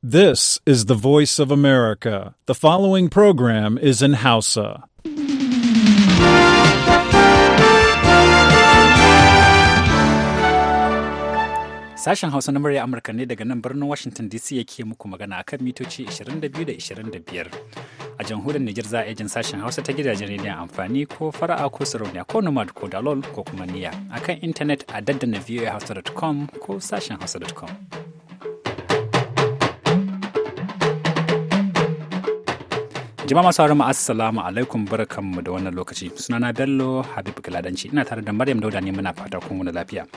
This is the voice of America. The following program is in Hausa. Sashen Hausa na murya Amurka ne daga nan birnin Washington DC yake muku magana akan mitoci 22 da 25. A jamhuriyar Nijar za a jin sashen Hausa ta gidajen rediyon amfani ko fara'a ko sarauniya ko nomad ko dalol ko kuma niya akan intanet a daddana voahausa.com ko sashen hausa.com. Jama'a masu haramu assalamu alaikum barkanmu da wannan lokaci. Sunana Bello Habib Galadanci ina tare da Maryam Dauda ne muna fata kun wani lafiya.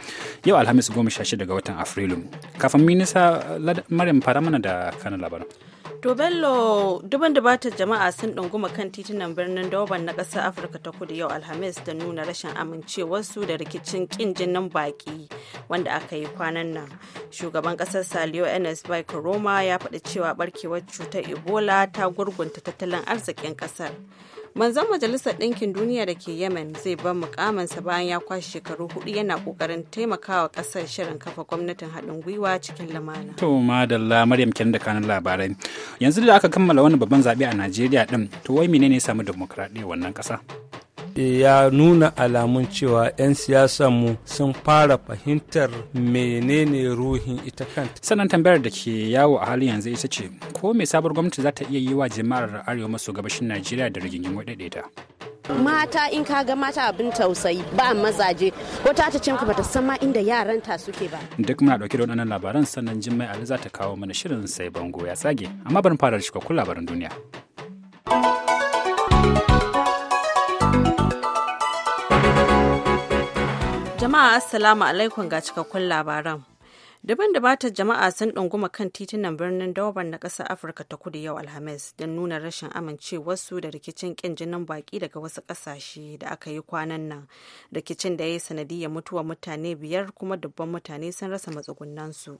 Yau Alhamis goma sha shida ga watan Afrilu. Kafin minisa Maryam fara mana da kanan labaran. To Bello duban bata jama'a sun ɗunguma kan titunan birnin Durban na ƙasar Afirka ta kudu yau Alhamis da nuna rashin amincewarsu da rikicin ƙinjinin jinin baƙi wanda aka yi kwanan nan. Shugaban ƙasar Saliyo NS Bike Roma ya faɗi cewa ɓarkewar cutar Ebola ta gurgunta tattalin arzikin ƙasar. manzan majalisar ɗinkin duniya da ke yemen zai bar mukamansa bayan ya kwashe shekaru hudu yana kokarin taimakawa ƙasar shirin kafa gwamnatin haɗin gwiwa cikin lamana to madalla maryam kenan da kanan labarai yanzu da aka kammala wani babban zaɓe a najeriya ɗin to wai menene ya samu dimokuraɗiyya wannan ƙasa ya nuna alamun cewa 'yan siyasan mu sun fara fahimtar menene ruhin ita kanta sannan tambayar da ke yawo a halin yanzu ita ce ko mai sabuwar gwamnati za ta iya yi wa jama'ar arewa maso gabashin najeriya da rigingin daidaita mata in ka ga mata abin tausayi ba mazaje ko ta cin bata san ma inda yaranta suke ba duk muna ɗauke da wannan labaran sannan jin mai za ta kawo mana shirin sai bango ya tsage amma bari fara da labaran duniya Jama'a Assalamu alaikum ga cikakkun labaran. Daban da bata jama'a sun ɗunguma kan titunan birnin daubar na ƙasar Afirka ta kudu yau Alhamis don nuna rashin amincewarsu da rikicin ƙin jinin baƙi daga wasu ƙasashe da aka yi kwanan nan. Rikicin da ya yi sanadiyar mutuwar mutane biyar kuma dubban mutane sun rasa matsugunansu.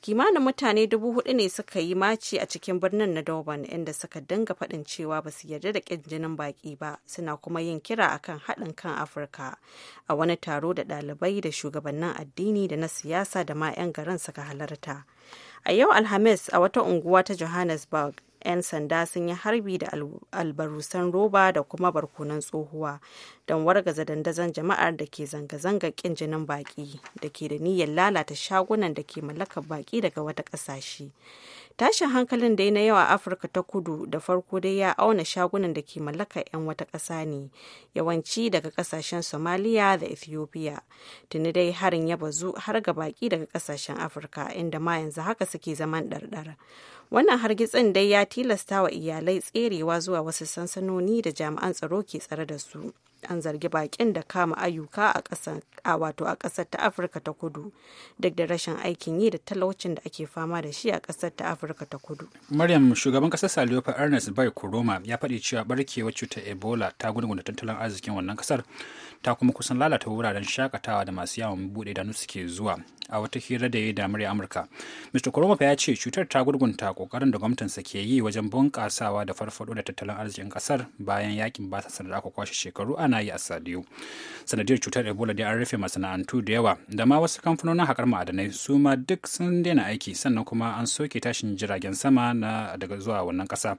kimanin mutane dubu hudu ne suka yi maci a cikin birnin na durban inda suka dinga faɗin cewa ba su yarda da ƙin jinin baƙi ba suna kuma yin kira akan haɗin kan afirka a wani taro da ɗalibai da shugabannin addini da na siyasa da ma 'yan garin suka halarta a yau alhamis a wata unguwa ta johannesburg 'yan sanda sun yi harbi da albarusan roba da kuma barkonan tsohuwa don wargaza dandazon jama'ar da ke zanga-zanga kin jinin baki da ke da niyyar lalata shagunan da ke mallakar baki daga wata ƙasashe tashin hankalin dai na yawa afirka ta kudu da farko dai ya auna shagunan da ke mallaka 'yan wata ƙasa ne yawanci daga ƙasashen somaliya da ethiopia tuni dai harin ya bazu har ga baki daga ƙasashen afirka inda ma yanzu haka suke zaman ɗarɗar wannan hargitsin dai ya tilasta wa iyalai tserewa zuwa wasu sansanoni da jami'an tsaro ke tsare da su an zargi bakin da kama ayyuka a ƙasar a wato a ƙasar ta Afirka ta Kudu duk da rashin aikin yi da talaucin da ake fama da shi a ƙasar ta Afirka ta Kudu. Maryam shugaban ƙasar Saliyo Ernest Bai Kuroma ya faɗi cewa barkewar cutar Ebola ta gudunta tattalin arzikin wannan ƙasar ta kuma kusan lalata wuraren shakatawa da masu yawon bude idanu suke zuwa a wata hira da ya yi da murya Amurka. Mr. Kuroma ya ce cutar ta gurgunta kokarin da gwamnatinsa ke yi wajen bunƙasawa da farfaɗo da tattalin arzikin ƙasar bayan yakin basasar da aka kwashe shekaru ana yi a sadiyo sanadiyar cutar ebola da an rufe masana'antu da yawa da ma wasu kamfanonin haƙar ma'adanai su ma duk sun daina aiki sannan kuma an soke tashin jiragen sama na daga zuwa wannan ƙasa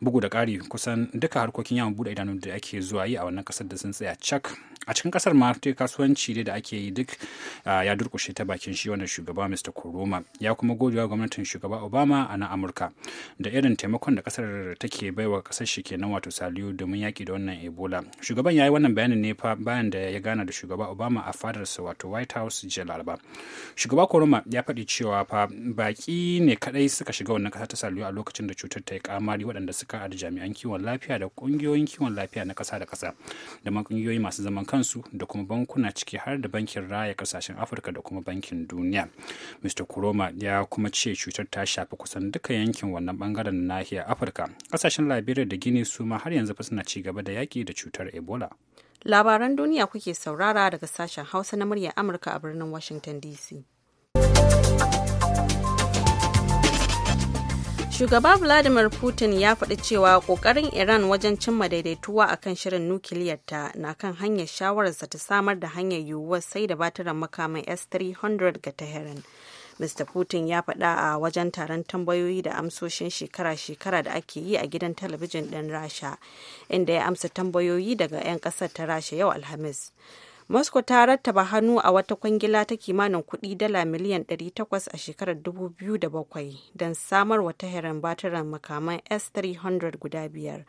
bugu da ƙari kusan duka harkokin yawon buɗe idanu da ake zuwa yi a wannan ƙasar da sun tsaya cak a cikin kasar ma ta kasuwanci da ake yi duk ya durkushe ta bakin shi wannan shugaba Mr. Kuruma ya kuma godewa gwamnatin shugaba Obama a na Amurka da irin taimakon da kasar take baiwa kasar shi kenan wato Saliu domin yaki da wannan Ebola shugaban ya yi wannan bayanin ne fa bayan da ya gana da shugaba Obama a fadarsa wato White House jiya Laraba shugaba Kuruma ya faɗi cewa fa baki ne kadai suka shiga wannan kasa ta Saliu a lokacin da cutar ta yi kamari waɗanda suka da jami'an kiwon lafiya da ƙungiyoyin kiwon lafiya na ƙasa da ƙasa da ma ƙungiyoyi masu zaman kan kansu da kuma bankuna ciki har da bankin raya kasashen afirka da kuma bankin duniya mr kuroma ya kuma ce cutar ta shafi kusan duka yankin wannan bangaren nahiyar afirka kasashen liberia da gini su ma har yanzu fa suna ci gaba da yaki da cutar ebola labaran duniya kuke saurara daga sashen hausa na murya amurka a birnin washington dc Shugaba Vladimir Putin ya faɗi cewa ƙoƙarin Iran wajen cimma daidaituwa a kan shirin nukiliyarta na kan hanyar shawararsa ta samar da hanyar yiwuwa sai da batiran makaman S-300 ga Tehran. Mr. Putin ya faɗa a wajen taron tambayoyi da amsoshin shekara-shekara da ake yi a gidan talabijin ɗin Rasha, inda ya amsa tambayoyi daga 'yan ƙasar ta Rasha yau Alhamis. Moscow ta rattaba hannu a wata kwangila ta kimanin kudi dala miliyan 800 a shekarar 2007 don samar wa Tehran batiran makaman S-300 guda biyar,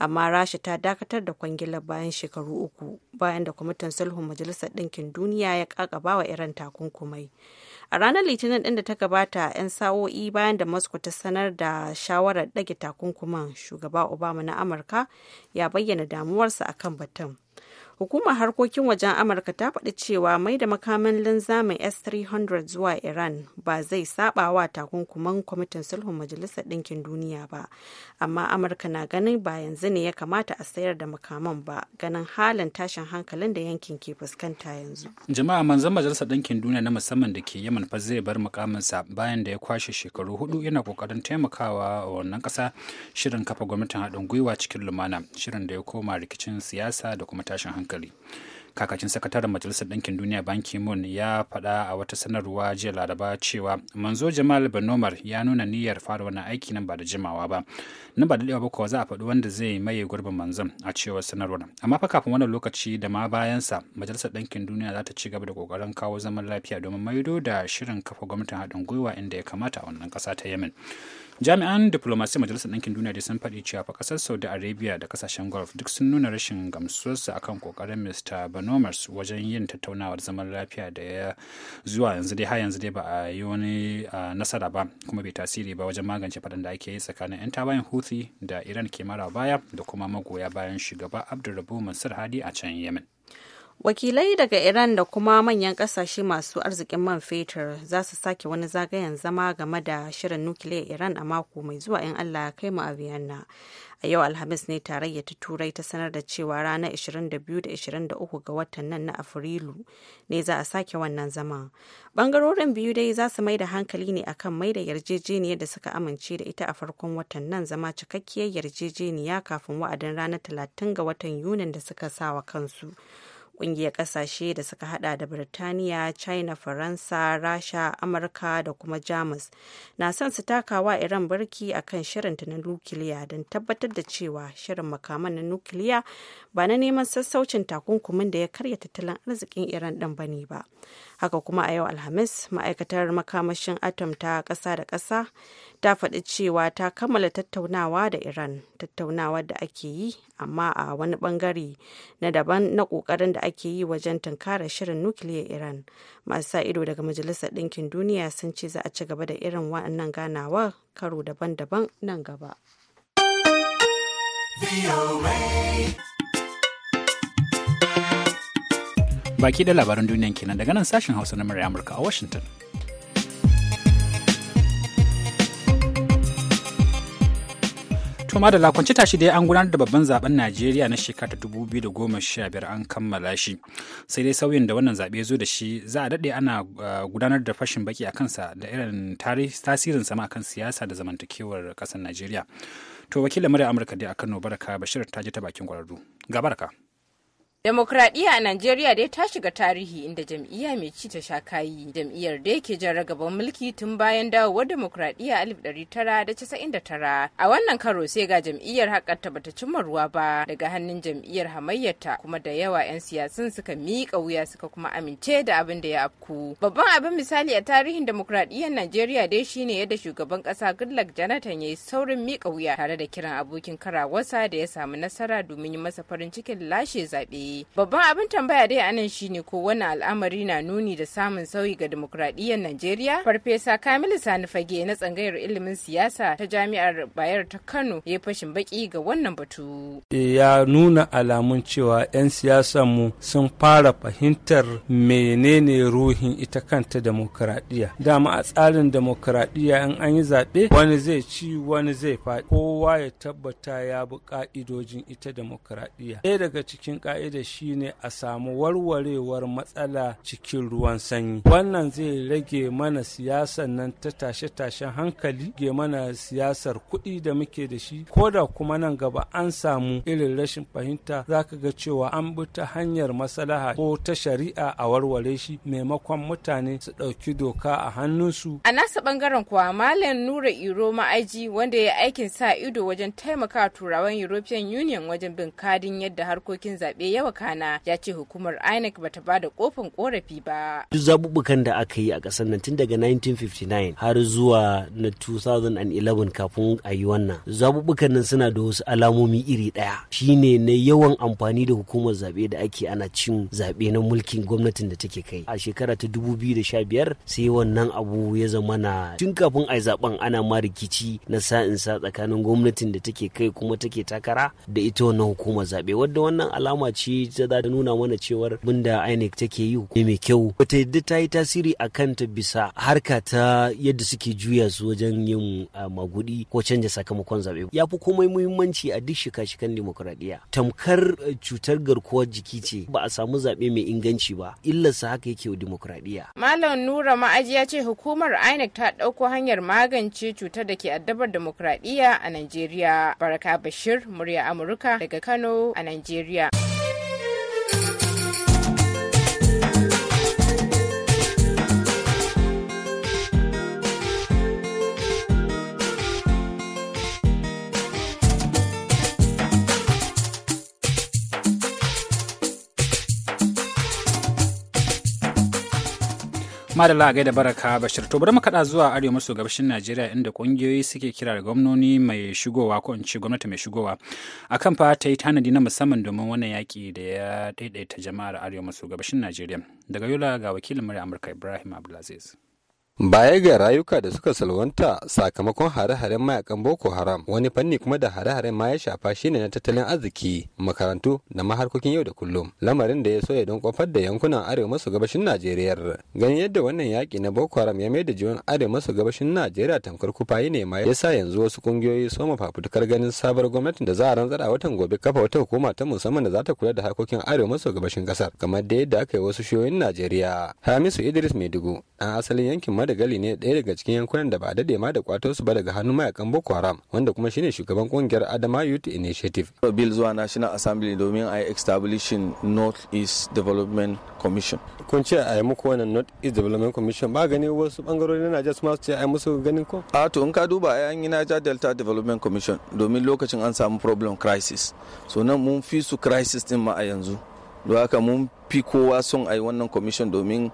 amma Rasha ta dakatar da kwangilar bayan shekaru uku bayan da kwamitin sulhun Majalisar Ɗinkin Duniya ya kakaba wa irin takunkumai. A ranar Litinin ɗin da ta gabata 'yan sa'o'i bayan da Moscow ta sanar da shawarar ɗage takunkuman, shugaba Obama na Amurka ya bayyana damuwarsa akan batun. Hukumar harkokin wajen Amurka ta faɗi cewa mai da makaman linzamin S-300 zuwa Iran ba zai saba wa takunkuman kwamitin sulhun Majalisar Ɗinkin Duniya ba, amma Amurka na ganin ba yanzu ne ya kamata a sayar da makaman ba ganin halin tashin hankalin da yankin ke fuskanta yanzu. Jama'a manzan Majalisar Ɗinkin Duniya na musamman da ke yawan fa zai bar mukaminsa bayan da ya kwashe shekaru hudu yana kokarin taimakawa a wannan ƙasa shirin kafa gwamnatin haɗin gwiwa cikin lumana shirin da ya koma rikicin siyasa da kuma tashin hankali. hankali kakacin sakataren majalisar ɗinkin duniya banki moon ya faɗa a wata sanarwa jiya laraba cewa manzo jamal benomar ya nuna niyyar fara wannan aiki nan ba da jimawa ba nan ba da ɗewa ba za a faɗi wanda zai maye gurbin manzon a cewar sanarwar amma fa kafin wannan lokaci da ma bayansa majalisar ɗinkin duniya za ta ci gaba da ƙoƙarin kawo zaman lafiya domin maido da shirin kafa gwamnatin haɗin gwiwa inda ya kamata a wannan ƙasa ta yemen jami'an diplomasiyar majalisar ɗinkin duniya da sun faɗi cewa ƙasar saudi arabia da ƙasashen golf duk sun nuna rashin gamsuwarsu akan kokarin mr banomers wajen yin tattaunawar zaman lafiya da ya zuwa yanzu dai har yanzu dai ba a yi wani nasara ba kuma bai tasiri ba wajen magance faɗin da ake yi tsakanin 'yan tawayen houthi da iran ke mara baya da kuma magoya bayan shugaba abdulrabu mansur hadi a can yemen wakilai daga iran da kuma manyan kasashe masu arzikin man fetur za su sake wani zagayen zama game da shirin nukiliyar iran a mako mai zuwa in allah ya kai mu a vienna a yau alhamis ne tarayya ta turai ta sanar da cewa rana 22 da 23 ga watan nan na afrilu ne za a sake wannan zama bangarorin biyu dai za su mai da hankali ne akan mai da yarjejeniyar da suka amince da ita a farkon watan nan zama cikakkiyar yarjejeniya kafin wa'adin ranar 30 ga watan yunin da suka sa wa kansu kungiyar kasashe da suka hada da birtaniya china faransa rasha amurka da kuma jamus na son su takawa iran a kan shirinta na nukiliya don tabbatar da cewa shirin makaman na nukiliya ba na neman sassaucin takunkumin da ya karya tattalin arzikin iran din ba ne ba haka kuma a yau alhamis ma'aikatar makamashin atom ta kasa da kasa ta faɗi cewa ta kammala tattaunawa da iran tattaunawa da ake yi amma a wani bangare na daban na ƙoƙarin da ake yi wajen tunkara shirin nukiliya iran masu sa ido daga majalisar ɗinkin duniya sun ce za a ci gaba da irin waɗannan ganawa karo daban-daban nan gaba baki da labaran duniyan kenan daga nan sashen hausa na murya amurka a washington To da kwanci tashi dai an gudanar da babban zaben Najeriya na shekara ta 2015 an kammala shi. Sai dai sauyin da wannan zaɓe zo da shi za a daɗe ana eh, gudanar da fashin baki a kansa da irin tasirin sama kan siyasa da zamantakewar ƙasar Najeriya. To wakilin murya Amurka dai a Kano Baraka Bashir ta ji ta bakin kwararru. Ga Baraka. Demokradiyya a Najeriya dai ta shiga tarihi inda jam'iyya mai ci ta sha kayi. Jam'iyyar da yake jan ragaban mulki tun bayan dawowar demokradiyya 1999. A wannan karo sai ga jam'iyyar hakarta bata cimma ruwa ba daga hannun jam'iyyar hamayyarta kuma da yawa 'yan siyasan suka miƙa wuya suka kuma amince da abin da ya afku. Babban abin misali a tarihin demokradiyyar Najeriya dai shine yadda shugaban ƙasa Goodluck Jonathan ya yi saurin miƙa wuya tare da kiran abokin karawarsa da ya samu nasara domin yi masa farin cikin lashe zaɓe. babban abin tambaya dai a nan shine ko wannan al'amari na nuni da samun sauyi ga dimokuraɗiyyar najeriya farfesa kamilu sani fage na tsangayar ilimin siyasa ta jami'ar bayar ta kano ya fashin baki ga wannan batu e, ya nuna alamun cewa 'yan siyasan mu sun fara fahimtar menene ruhin ita kanta demokuraɗiyya dama a tsarin demokuraɗiyya in an yi zaɓe wani zai ci wani zai faɗi kowa ya tabbata ya bi ka'idojin ita demokuraɗiyya ɗaya daga cikin ƙa'idar shine a samu warwarewar matsala cikin ruwan sanyi wannan zai rage mana siyasar nan ta tashe-tashen hankali ge mana siyasar kuɗi da muke da shi ko da kuma nan gaba an samu irin rashin fahimta zaka ga cewa an bi ta hanyar maslaha ko ta shari'a a warware shi maimakon mutane su ɗauki doka a hannunsu a nasa bangaren kuwa malam nura iro ma'aji wanda ya aikin sa ido wajen taimaka turawan european union wajen bin kadin yadda harkokin zaɓe yawa kana ya ce hukumar inec bata ba da kofin korafi ba duk zabubukan da aka yi a ƙasar nan tun daga 1959 har zuwa na 2011 kafin a yi wannan zabubukan nan suna da wasu alamomi iri ɗaya shine na yawan amfani da hukumar zaɓe da ake ana cin zaɓe na mulkin gwamnatin da take kai a shekara ta 2015 sai wannan abu ya zama na tun kafin a yi zaɓen ana ma rikici na sa'insa tsakanin gwamnatin da take kai kuma take takara da ita wannan hukumar zaɓe wadda wannan alama ce shi za ta nuna mana cewar bunda INEC take yi ne mai kyau wata yadda ta yi tasiri a kanta bisa harka ta yadda suke juya su wajen yin ah, magudi ko canja sakamakon zaɓe ya fi komai muhimmanci a duk shika-shikan demokuraɗiyya tamkar eh, cutar garkuwar jiki ce ba a samu zaɓe mai inganci ba illarsa haka yake wa demokuraɗiyya. malam nura ma'aji ya ce hukumar inec ta ɗauko hanyar magance cutar da ke addabar demokuraɗiyya a najeriya baraka bashir murya amurka daga kano a najeriya. Madalla gaida baraka Bashir to bari mu zuwa arewa maso gabashin Najeriya inda kungiyoyi suke kira da gwamnoni mai shigowa ko in ce gwamnati mai shigowa akan fa ta yi tanadi na musamman domin wannan yaki da ya daidaita jama'ar arewa maso gabashin Najeriya daga Yola ga wakilin murya Amurka Ibrahim Abdulaziz Baya ga rayuka da suka salwanta sakamakon hare-haren mayakan Boko Haram, wani fanni kuma da hare-haren ma ya shafa shine na tattalin arziki, makarantu da maharkokin yau da kullum. Lamarin da ya so ya don kofar da yankunan arewa maso gabashin Najeriya. Ganin yadda wannan yaki na Boko Haram ya maida jiwon arewa maso gabashin Najeriya tamkar ya ne ma sa yanzu wasu kungiyoyi soma fafutukar ganin sabar gwamnatin da za a rantsar a watan gobe kafa wata hukuma ta musamman da za ta kula da harkokin arewa maso gabashin kasar, kamar da yadda aka yi wasu shiyoyin Najeriya. Hamisu Idris Maidugu, dan asalin yankin madagali ne ɗaya daga cikin yankunan da ba da ma da kwato su ba daga hannun mayakan boko haram wanda kuma shine shugaban kungiyar adama youth initiative bill zuwa national assembly domin a yi establishing north east development commission kun ce a yi muku wannan north east development commission ba gani wasu bangarori na najas ma su ce a yi musu ganin ko a to in ka duba a an yi naja delta development commission domin lokacin an samu problem crisis so nan mun fi su crisis din ma a yanzu don haka mun fi kowa son a yi wannan commission domin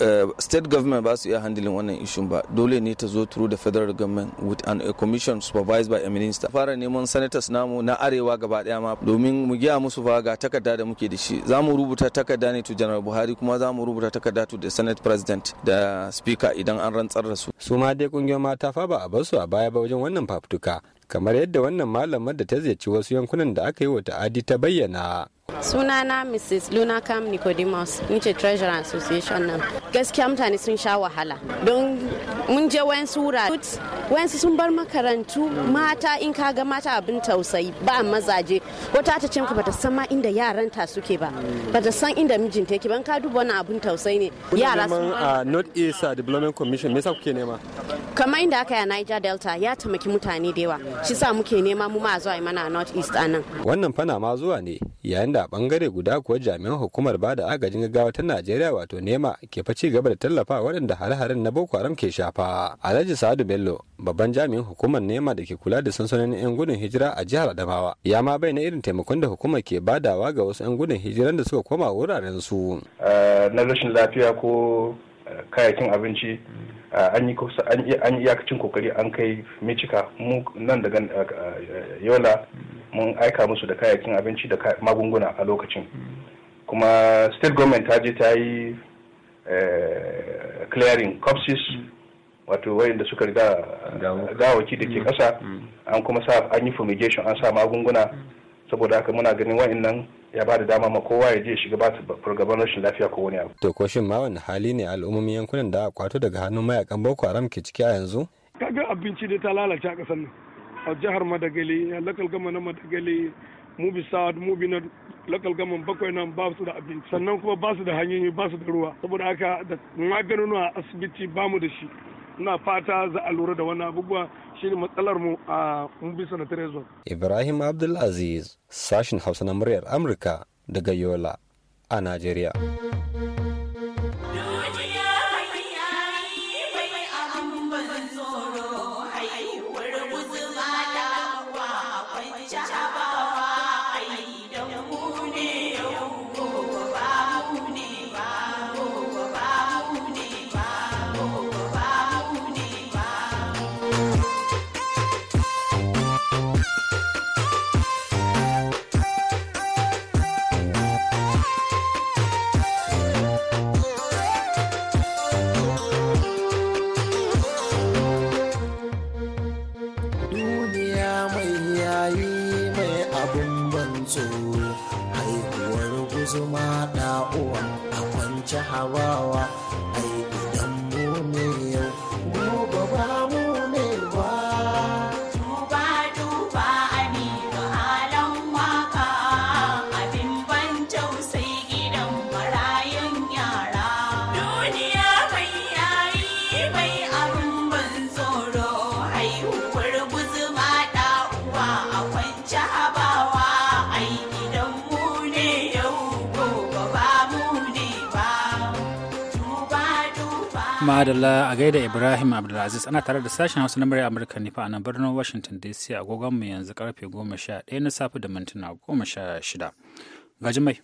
eh, state government ba su iya handling wannan issue ba dole ne ta zo through the federal government with an, a commission supervised by a minister fara neman senators namu na arewa gaba daya ma domin mu giya musu ba ga takarda da muke da shi za mu rubuta takarda ne to general buhari kuma za mu rubuta takarda to the senate president da speaker idan an rantsar da su su ma dai kungiyar mata fa ba a bar su a baya ba wajen wannan fafutuka kamar yadda wannan malamar da ta ziyarci wasu yankunan da aka yi wa ta'adi ta bayyana sunana mrs luna cam nicodemus nice treasurer association nan gaskiya mutane sun sha wahala don mun je wayansu wura wayansu sun bar makarantu mata in ka ga mata abin tausayi ba mazaje wata ta cin bata san ma inda yaranta suke ba bata san inda mijinta yake ban ka duba wani abin tausayi ne yara sun a ah, north east ah, development commission me sa kuke nema kamar inda aka yi a niger delta ya taimaki mutane da yawa shi sa muke nema mu ma zuwa mana a north east a nan wannan fana ma zuwa ne yayin da a bangare guda kuwa jami'an hukumar ba da agajin gaggawa ta najeriya wato nema ke fa ci gaba da tallafa waɗanda hare-haren na boko haram ke shafa alhaji sa'adu bello babban jami'in hukumar nema da ke kula da sansanonin 'yan gudun hijira a jihar adamawa ya ma bai na irin taimakon da hukumar ke badawa ga wasu 'yan gudun hijiran da suka koma wuraren su eh, na rashin lafiya ko kayakin abinci eh, an yi iyakacin kokari an kai micika. mu nan daga eh, eh, yola mun aika musu da kayakin abinci da magunguna a lokacin kuma state government ta je ta yi clearing copses. wato wayanda suka riga gawaki da ke kasa mm. mm. an kuma sa an yi fumigation an sa magunguna mm. saboda haka muna ganin nan. ya ba da dama ma kowa ya je shiga ba fargaban rashin lafiya ko wani abu. To ko shin ma wani hali ne al'ummomin yankunan da aka kwato daga hannun mayakan Boko Haram ke ciki a yanzu? Kaga abinci da ta lalace a ƙasar nan. A jihar Madagali, lakal gama na Madagali, mubi sa'ad, mubi na lakal gama bakwai nan ba su da abinci. Sannan kuma ba su da hanyoyi, ba su da ruwa. Saboda haka da maganin a asibiti ba mu da shi. na fata za a lura da wani abubuwa shine matsalar mu a bisa na Trezor. Ibrahim Abdulaziz sashin Hausa na muryar Amurka daga Yola a Najeriya. Madalla a gaida Ibrahim Abdulaziz ana tare da sashen Hausa na murya Amurka ne fa a nan birnin Washington DC agogon mu yanzu karfe 11 na safe da mintuna 16. gaji mai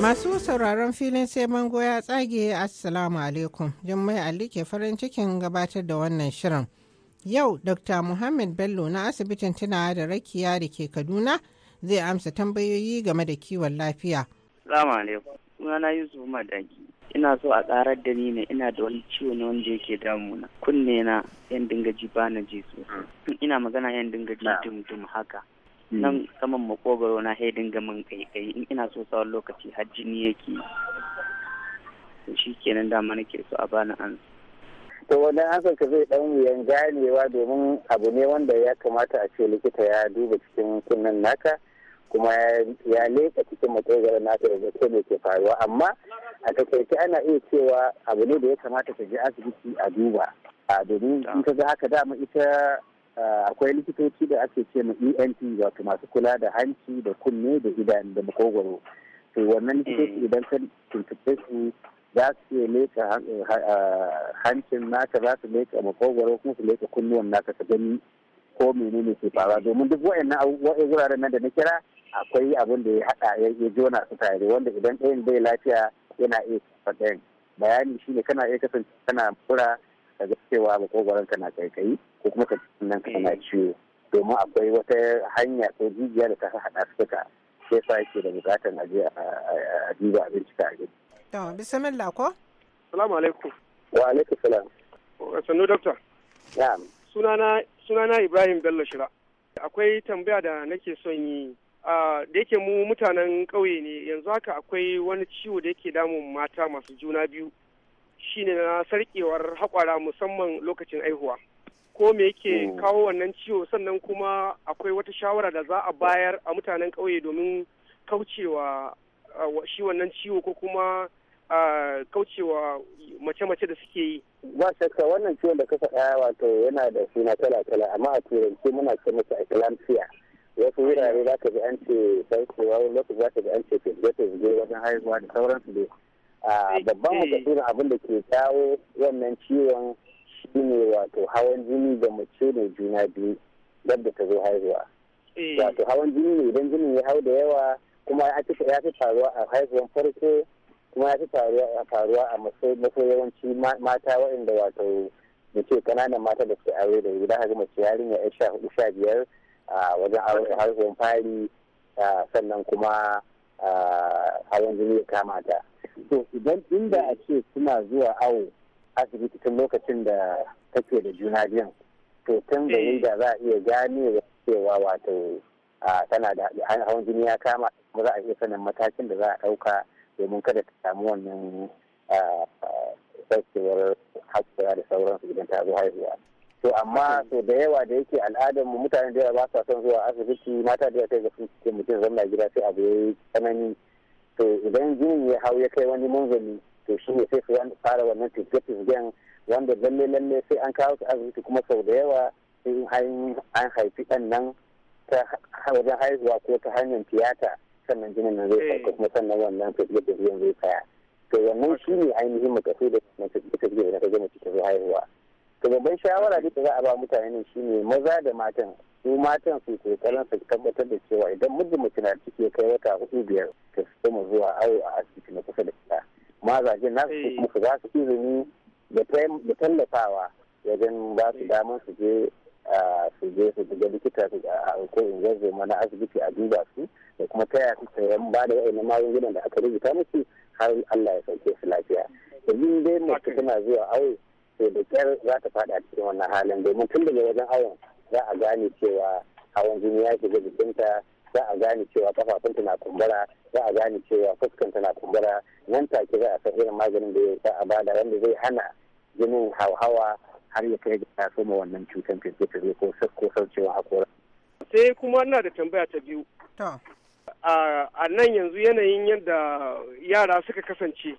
Masu sauraron filin sai mango ya tsage Assalamu alaikum. Jummai Ali ke farin cikin gabatar da wannan shirin. Yau Dr. Muhammad Bello na asibitin tunawa da rakiya da ke Kaduna zai amsa tambayoyi game da kiwon lafiya. Salamu alaikum. Sunana Yusuf Madaki. Ina so a karar da ni ne ina da wani ciwo ne wanda yake damuna. Kunne na yan dinga ji ba na ji sosai. Ina magana yan dinga ji dum haka. Hmm. Nan saman makogaro na sai dinga min kai in ina so tsawon lokaci har jini yake. To shi kenan dama nake so a bani ansa. to wani an ka zai dan wuyan ganewa domin abu ne wanda ya kamata a ce likita ya duba cikin kunnen naka kuma ya leka cikin matsayin nata da ko me ke faruwa amma a takaice ana iya cewa abu ne da ya kamata ka je asibiti a duba domin in ka ga haka dama ita akwai likitoci da ake ce ma ent wato masu kula da hanci da kunne da idan da makogoro to wannan likitoci mm. idan ka tuntuɓe su za su iya leka hancin naka za su leka makogwaro kuma su leka kunnuwan naka ka gani ko menene ke faruwa domin duk wa'annan wa'in wuraren nan da na kira akwai abin da ya haɗa ya jona su tare wanda idan ɗayan bai lafiya yana iya kafa ɗayan bayani shine kana iya kasance kana fura daga cewa makogwaron na kaikayi ko kuma nan na mm. ciwo domin akwai wata hanya ko jijiya da ta haɗa su ka sai yasa yake da bukatan a je a duba a bincika a gani. To bismillah ko? Salamu alaikum. Wa alaikum salam. Eh, sannu dokta. Na'am. Sunana Ibrahim Bello Shira. Akwai tambaya da nake son yi da yake mu mutanen ƙauye ne yanzu haka akwai wani ciwo da yake damun mata masu juna biyu shine na sarkewar haƙwara musamman lokacin aihuwa ko me yake hmm. kawo wannan ciwo sannan kuma akwai wata shawara da za a bayar a mutanen ƙauye domin kaucewa shi wannan ciwo ko kuma kaucewa mace-mace da suke yi. Ba shakka wannan ciwon da kasa ɗaya wato yana da suna kala-kala amma a turanci muna ce masa eclampsia. wasu wurare za ka ji an ce wa wani lokaci za ka ji an ce fesge-fesge wajen haihuwa da sauransu dai babban eh. mutum abin da ke kawo wannan ciwon shi ne wato hawan jini da mace da juna biyu yadda ta zo haihuwa eh. wato hawan jini ne idan jini ya hau da yawa kuma ya fi faruwa a haihuwan farko kuma ya fi faruwa a maso yawanci mata waɗanda wato mace kananan mata da suke aure da wuri za ka mace yarinya ya sha hudu sha biyar A wajen haihuwan fari sannan kuma hawan jini ya kama to idan inda a ce suna zuwa awo asibiti tun lokacin da take da juna biyan to tun da eh. da za a iya gane cewa wato tana da hawan jini ya kama kuma za a iya sanin matakin da za a ɗauka domin kada ta samu wannan saukewar haƙura da sauransu idan ta zo haihuwa. to amma so da yawa da yake al'adar mu mutane da yawa ba sa son zuwa asibiti mata da yawa sai ga sun ce mutum na gida sai abu yi tsanani to idan jinin ya hau ya kai wani munzali to shi ne sai su fara wannan tirge gen wanda lalle lalle sai an kawo su asibiti kuma sau da yawa sai an haifi ɗan nan ta wajen haihuwa ko ta hanyar tiyata sannan jinin nan zai sauka kuma sannan wannan tirge gen zai tsaya to wannan shi ne ainihin makasudin da tirge gen da ta gama cikin haihuwa. to babban shawara da za a ba mutane shine maza da matan su matan su kalan su tabbatar da cewa idan mijin mace na ciki kai wata hudu biyar ta sama zuwa awo a asibiti na kusa da ita mazajen na su su za su izini da tallafawa wajen ba su damar su je su je su ga likita ko in mana asibiti a duba su da kuma ta yaya su yi ba da wa'annan magungunan da aka rubuta musu har Allah ya sauke su lafiya. Yanzu dai mace suna zuwa awo to da kyar za ta fada a cikin wannan halin domin tun daga wajen awon za a gane cewa hawan jini ya shiga jikinta za a gane cewa kafafunta na kumbura za a gane cewa fuskanta na kumbura nan take za a san irin maganin da ya sa a bada wanda zai hana jinin hauhawa har ya kai ga soma wannan cutar firfitare ko ko a hakora. sai kuma ina da tambaya ta biyu a nan yanzu yanayin yadda yara suka kasance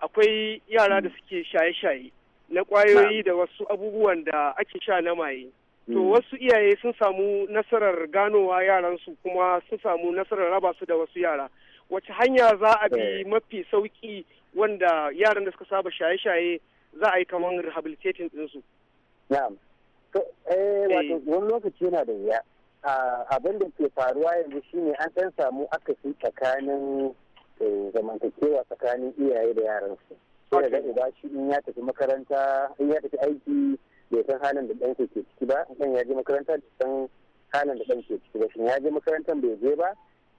akwai yara da suke shaye-shaye na kwayoyi da wasu abubuwan da ake sha na maye. To hmm. wasu iyaye sun samu nasarar ganowa yaransu kuma sun samu nasarar raba su da wasu yara. Wace hanya za a bi eh. mafi sauki wanda yaran da suka saba shaye-shaye za a yi kamar rehabilitating ɗinsu? Na'am. Eh, eh. wato wani lokaci yana da wuya. Abin da ke faruwa yanzu shine an ɗan samu akasi tsakanin zamantakewa tsakanin iyaye da yaransu. sai ga uba shi in ya tafi makaranta in ya tafi aiki bai san halin da ɗan ke ciki ba dan ya je makaranta da san halin da ɗan ke ciki ba shin ya je makarantar bai je ba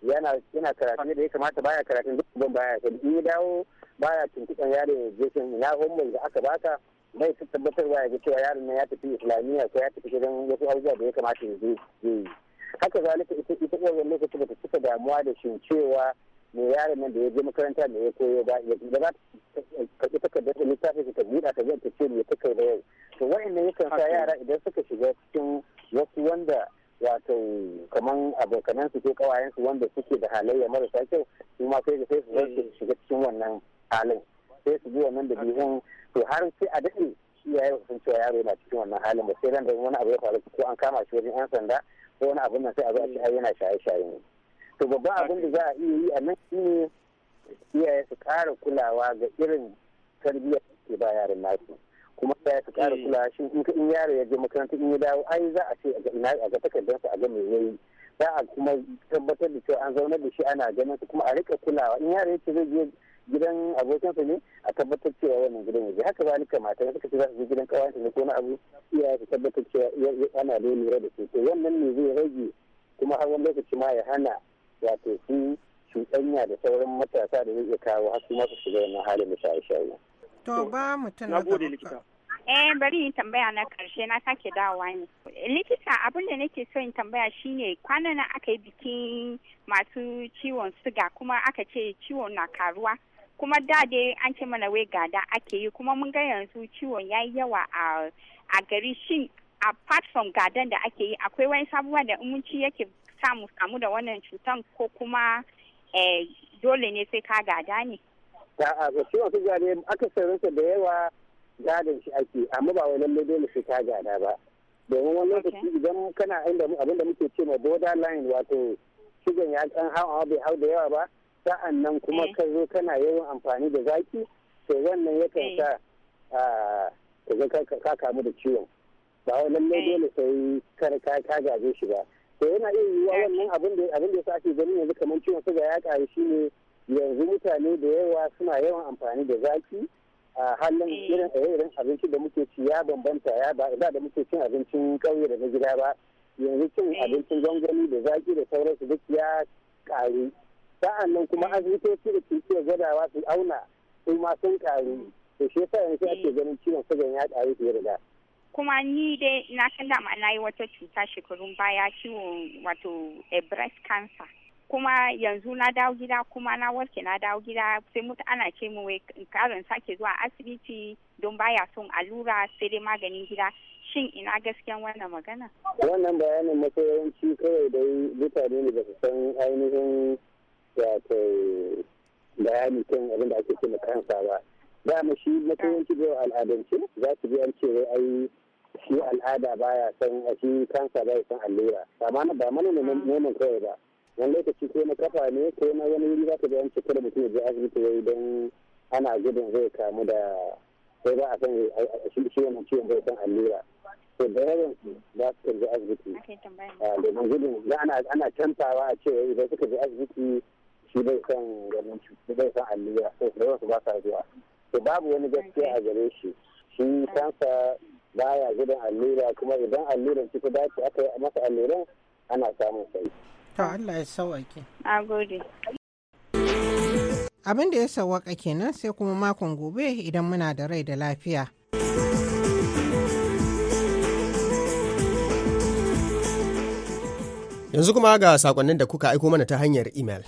yana yana karatu da ya kamata baya karatu duk ban baya kan in ya dawo baya tuntuɓar yaron ya je shin ina homework da aka baka bai ta tabbatarwa ya ga cewa yaron nan ya tafi islamiyya ko ya tafi shirin wasu abubuwa da ya kamata ya je haka zalika ita ita uwar lokaci ba ta cika damuwa da shin cewa me yaron nan da ya je makaranta me ya koyo ba ya da ba ka ki takardar da littafi ka buɗa ka ga ta ce me ta kai da yau to wa'annan yakan sa yara idan suka shiga cikin wasu wanda wato kaman abokanan su ko kawayen su wanda suke da halayya marasa kyau su ma sai sai su eh. shiga cikin wannan halin sai su bi wannan da bihun to har sai a daɗe iyaye sun cewa yaro yana cikin wannan halin ba sai ran da wani abu ya faru ko an kama shi wajen yan sanda ko wani abun nan sai a zo a ce eh. yana shaye-shaye ne to babba abin da za a iya yi a nan shi ne iyaye su kara kulawa ga irin tarbiyyar da ke ba yaran nasu kuma ya su kara mm. kulawa shi in in yaro ya je makaranta in ya dawo ai za a ce a ga takardarsa a ga me yayi za a kuma tabbatar da cewa an zaunar da shi ana ganin su kuma a rika kulawa in yaro yake zai je gidan abokinsa ne a tabbatar cewa wannan gidan yaje haka ba nika mata suka ce za su je gidan kawansa ne ko na abu iyaye su tabbatar cewa ana da lura da su to wannan ne zai rage kuma har wani lokaci ma ya hana wato su cuɗanya da sauran matasa da zai kawo har su masu shiga wannan halin da shaye-shaye. To ba mutum na gode Eh bari in tambaya na karshe na sake dawowa ne. Likita abin da nake so in tambaya shine kwanan nan aka yi bikin masu ciwon suga kuma aka ce ciwon na karuwa. Kuma da dai an ce mana wai gada ake yi kuma mun ga yanzu ciwon yayi yawa a gari shin apart from gadan da ake yi akwai wani sabuwa da ci yake sa mu samu da wannan cutan ko kuma eh, dole ne sai ka gada ne? A'a, ba ciwon suga ne akasarinsa da yawa gadon shi ake, amma ba wani ne dole sai ka gada ba. Domin wani lokaci idan kana inda abin da muke ce ma borderline wato sugan ya kan hawa bai hau da yawa ba, sa'an nan kuma eh. ka zo kana yawan amfani da zaki, to wannan yakan eh. sa ka kamu da ciwon. Ba wani ne dole sai ka gaje shi ba. to yana iya yiwuwa eh. wannan abin da abin da yasa ake ganin yanzu kamar ciwon suga ya ƙaru shine yanzu mutane da yawa suna yawan amfani da zaki a halin eh. irin irin abinci da muke ci ya bambanta ya ba da muke cin abincin ƙauye da na gida ba yanzu cin eh. abincin gwangwani da zaki da sauransu duk ya ƙaru sa'an nan kuma asibitoci da ke iya gwadawa su auna su ma sun ƙaru mm. to shi yasa yanzu ake ganin ciwon suga ya ƙaru fiye da da kuma ni dai na san dama na yi wata cuta shekarun baya ciwon wato a eh, breast cancer kuma yanzu na dawo gida kuma na warke na dawo gida sai mutu ana ce mu wai karin sake zuwa asibiti don baya son allura sai dai maganin gida shin ina gaskiyan wannan magana wannan bayanin masoyanci kawai dai mutane ne ba su san ainihin wato bayani kan abin da ake ce kansa ba dama shi masoyanci da al'adance za su ji an ai shi al'ada baya son shi kansa bai san allura ba ba mana neman ah. kawai ba wani lokaci ko na kafa ne ko na wani wuri za ka ji an cikin mutum ya je asibiti yayi don ana gudun zai kamu da sai ba a san shi wannan ciwon bai san allura to da yawan su za su je asibiti ah, domin gudun ana cantawa a cewa idan suka je asibiti shi bai san wannan bai san allura to da yawan su ba sa zuwa to babu wani gaskiya a gare shi shi kansa baya gudun allura kuma idan alluran ciki dace aka yi masa alluran ana samun sai. To Allah ya sauwaƙe. A gode. Abin da ya sauwaƙa kenan sai kuma makon gobe idan muna da rai da lafiya. Yanzu kuma ga sakonnin da kuka aiko mana ta hanyar imel.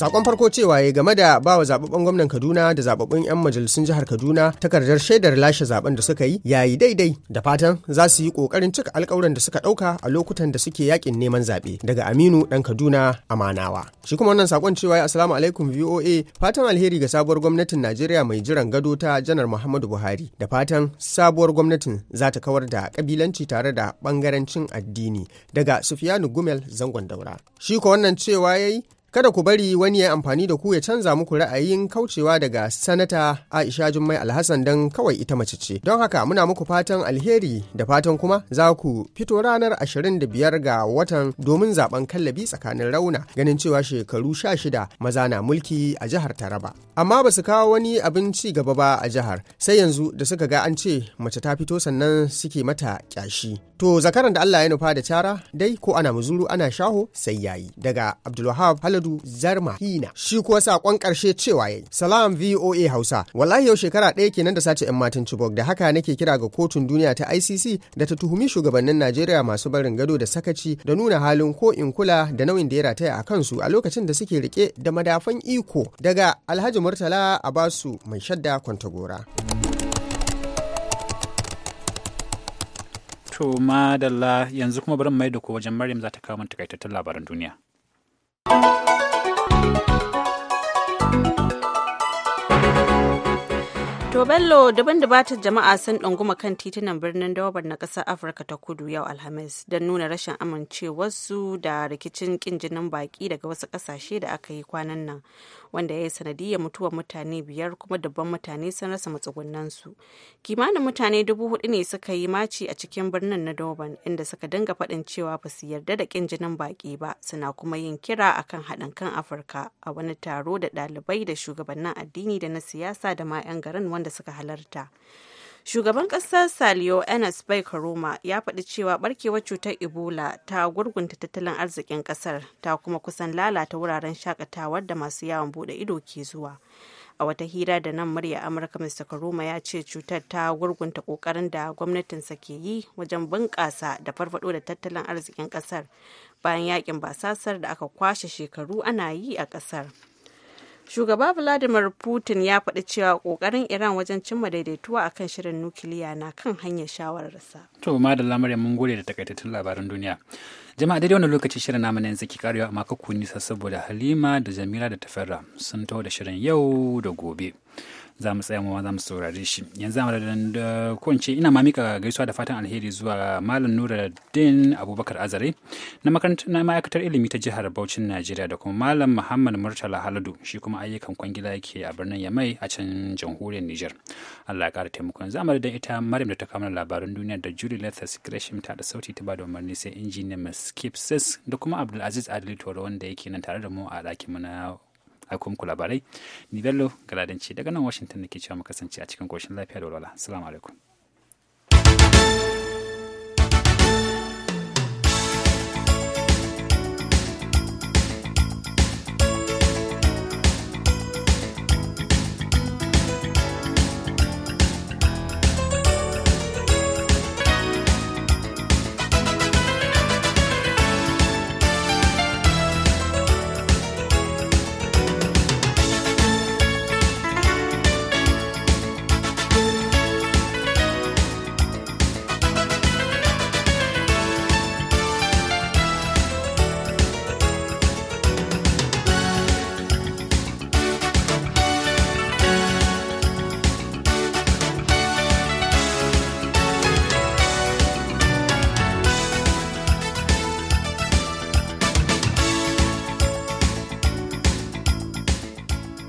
Sakon farko cewa ya game da bawa zababben gwamnan Kaduna da zababbun 'yan majalisun jihar Kaduna takardar shaidar lashe zaben da suka yi yayi daidai da fatan za su yi kokarin cika alkawuran da suka dauka a lokutan da suke yakin neman zabe daga Aminu dan Kaduna Amanawa. Shi kuma wannan sakon cewa ya assalamu alaikum VOA fatan alheri ga sabuwar gwamnatin Najeriya mai jiran gado ta Janar Muhammadu Buhari da fatan sabuwar gwamnatin za ta kawar da kabilanci tare da bangarancin addini daga Sufiyanu Gumel zangon daura. Shi ko wannan cewa yayi Kada ku bari wani ya amfani da ku ya canza muku ra'ayin kaucewa daga sanata Aisha Jummai Alhassan don kawai ita mace ce. Don haka muna muku fatan alheri da fatan kuma za ku fito ranar 25 ga watan domin zaben kallabi tsakanin rauna ganin cewa shekaru sha shida maza na mulki a jihar Taraba. Amma ba su kawo wani abin ci gaba ba a jihar sai yanzu da suka ga an ce mace ta fito sannan suke mata kyashi. To zakaran da Allah ya nufa da cara dai ko ana muzuru ana shaho sai yayi daga Abdulwahab Halil Amjadu Zarma Hina shi kuwa sakon karshe cewa yayi Salam VOA Hausa wallahi yau shekara ɗaya kenan da sace 'yan matan Chibok da haka nake kira ga kotun duniya ta ICC da ta tuhumi shugabannin Najeriya masu barin gado da sakaci da nuna halin ko in kula da nauyin da ya rataya a kansu a lokacin da suke rike da madafan iko daga Alhaji Murtala Abasu mai shadda Kwantagora. To madalla yanzu kuma bari mai da ku wajen Maryam za ta kawo mun takaitattun labaran duniya. To Bello daban da bata jama'a sun ɗunguma kan titunan birnin dawabar na ƙasar Afirka ta kudu yau Alhamis don nuna rashin amincewarsu da rikicin ƙin jinin baƙi daga wasu ƙasashe da aka yi kwanan nan. wanda ya yi sanadiyar mutuwar mutane biyar kuma dubban mutane sun rasa matsugunansu kimanin mutane dubu hudu ne suka yi maci a cikin birnin na durban inda suka dinga faɗin cewa ba su yarda da kin jinin baƙi ba suna kuma yin kira akan haɗin kan afirka a wani taro da ɗalibai da shugabannin addini da na siyasa da ma 'yan garin wanda suka halarta Shugaban ƙasar Saliyo Enes Bai Karoma ya faɗi cewa barkewar cutar Ebola ta gurgunta tattalin arzikin ƙasar ta kuma kusan lalata wuraren shakatawar da masu yawon bude ido ke zuwa. a wata hira da nan murya amurka mr karuma ya ce cutar ta gurgunta ƙoƙarin da gwamnatinsa ke yi wajen bunƙasa da farfaɗo da tattalin arzikin ƙasar bayan yakin basasar da aka kwashe shekaru ana yi a ƙasar shugaba vladimir putin ya faɗi cewa ƙoƙarin iran wajen cimma daidaituwa akan shirin nukiliya na kan hanyar shawararsa to ma da lamarin mun gode da takaitattun labaran duniya jama'a daidai wani lokaci shirin namu yanzu ke karewa amma ka nisa saboda halima da jamila da tafarra sun taho da shirin yau da gobe za mu tsaya ma za mu saurare shi yanzu a madadin da eh, kunce ina mamika gaisuwa da fatan alheri zuwa malam din abubakar azare na ma'aikatar ilimi ta jihar Bauchin Najeriya da kuma malam Muhammad Murtala Haladu shi kuma ayyukan kwangila yake a birnin Yamai a can jamhuriyar Niger Allah ya kara taimakon za mu da ita Maryam da ta kama labaran duniya da Julie Lethas Gresham ta da sauti ta ba da umarni sai injiniya Skip da kuma Abdulaziz adil Toro wanda yake nan tare da mu a ɗakin mu na aiko muku labarai ni bello galadanci daga nan washington nake cewa mu kasance a cikin koshin lafiya da walwala assalamu alaikum